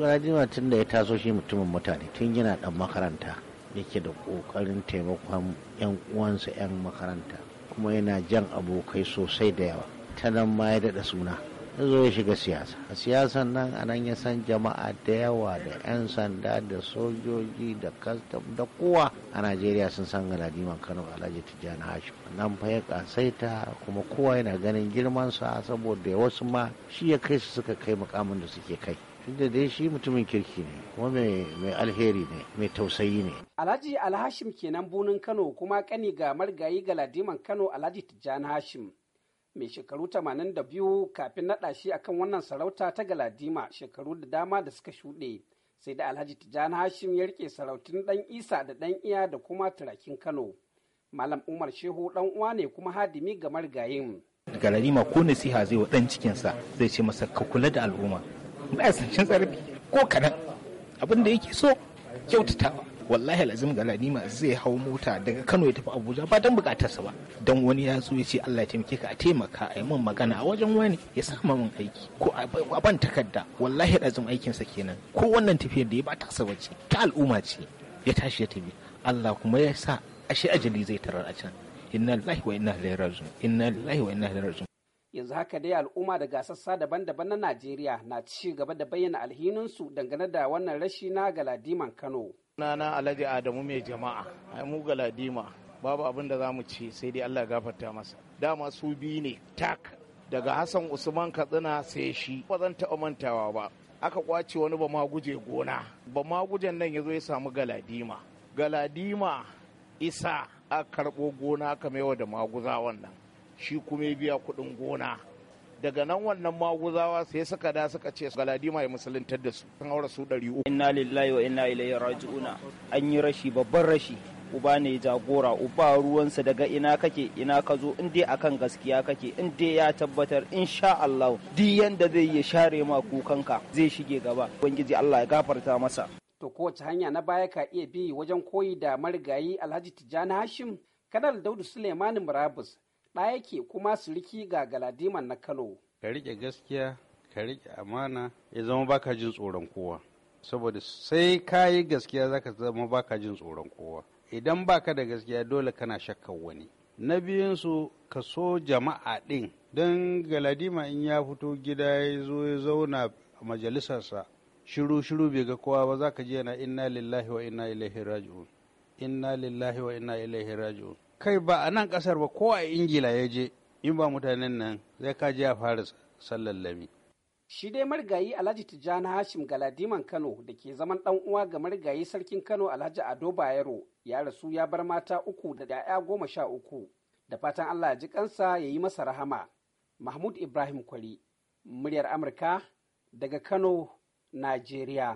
Rajima tun da ya taso shi mutumin mutane tun yana dan makaranta yake da kokarin taimakon 'yan uwansa 'yan makaranta kuma yana jan abokai sosai da yawa ta nan ma ya daɗa suna ya zo ya shiga siyasa a siyasan nan a nan ya san jama'a da yawa da 'yan sanda da sojoji da kastam da kowa a najeriya sun san galadiman kano alhaji tijjani hashim nan fa ya kasaita kuma kowa yana ganin girmansa saboda wasu ma shi ya kai su suka kai mukamin da suke kai tunda dai shi mutumin kirki ne kuma mai alheri ne mai tausayi ne alhaji alhashim kenan bunin kano kuma kani ga margayi galadiman kano alhaji tijjani hashim mai shekaru 82 kafin naɗa shi akan wannan sarauta ta galadima shekaru da dama da suka shuɗe sai da alhaji tijjani hashim ya rike sarautun ɗan isa da ɗan iya da kuma turakin kano malam umar shehu ɗan uwa ne kuma hadimi ga marigayin. galadima ko nasiha zai wa ɗan cikinsa zai ce masa ka kula da al'umma ba cin zarafi ko kanan abin da yake so kyautatawa wallahi lazim galanima zai hau mota daga kano ya tafi abuja ba don bukatarsa ba don wani ya zo ya ce allah ya taimake ka a taimaka a yi min magana a wajen wani ya sama min aiki ko a ban takarda wallahi lazim aikinsa kenan ko wannan tafiyar da ya ba ta wace ta al'umma ce ya tashi ya tafi allah kuma ya sa ashe ajali zai tarar a can inna lillahi wa inna ilaihi raji'un inna lillahi wa inna ilaihi raji'un yanzu haka dai al'umma daga sassa daban-daban na najeriya na ci gaba da bayyana alhininsu dangane da wannan rashi na galadiman kano na alhaji adamu mai jama'a ai mu galadima babu abin da za mu ce sai dai allah gafarta masa dama su biyu ne tak daga hassan usman katsina sai shi ba zan taɓa mantawa ba aka kwace wani ba ma guje gona ba ma gujen nan ya zo ya samu galadima galadima isa a karɓo gona aka maiwa da maguza wannan shi kuma ya biya kudin gona daga nan wannan maguzawa sai suka da suka ce galadima ya musuluntar da su an aura su ɗari uku inna lillahi wa inna ilaihi raji'una an yi rashi babban rashi uba ne jagora uba ruwansa daga ina kake ina ka zo in dai akan gaskiya kake in dai ya tabbatar insha Allah duk yanda zai ya share ma kukan ka. zai shige gaba ubangiji Allah ya gafarta masa to kowace hanya na baya ka iya bi wajen koyi da marigayi Alhaji Tijjani Hashim kanal Daudu Suleiman Murabus ɗaya yake kuma siriki ga galadiman na Kano. Ka riƙe gaskiya, ka riƙe amana, ya zama baka jin tsoron kowa. Saboda sai ka yi gaskiya zaka zama baka jin tsoron kowa. Idan baka da gaskiya dole kana shakkar wani. Na biyunsu ka so jama'a ɗin don galadima in ya fito gida ya zo ya zauna a majalisarsa shiru-shiru bai ga kowa ba za ka je yana inna lillahi wa inna ilaihi raji'un. inna lillahi wa inna ilaihi raji'un kai ba a nan kasar ba ko a ingila ya je in ba mutanen nan zai ka je a fara sallar lami shi dai marigayi alhaji tijjani hashim galadiman kano da ke zaman dan uwa ga marigayi sarkin kano alhaji ado bayero ya rasu ya bar mata uku da 'ya'ya goma sha uku da fatan allah ya ji kansa ya yi masa rahama mahmud ibrahim kwari muryar amurka daga kano najeriya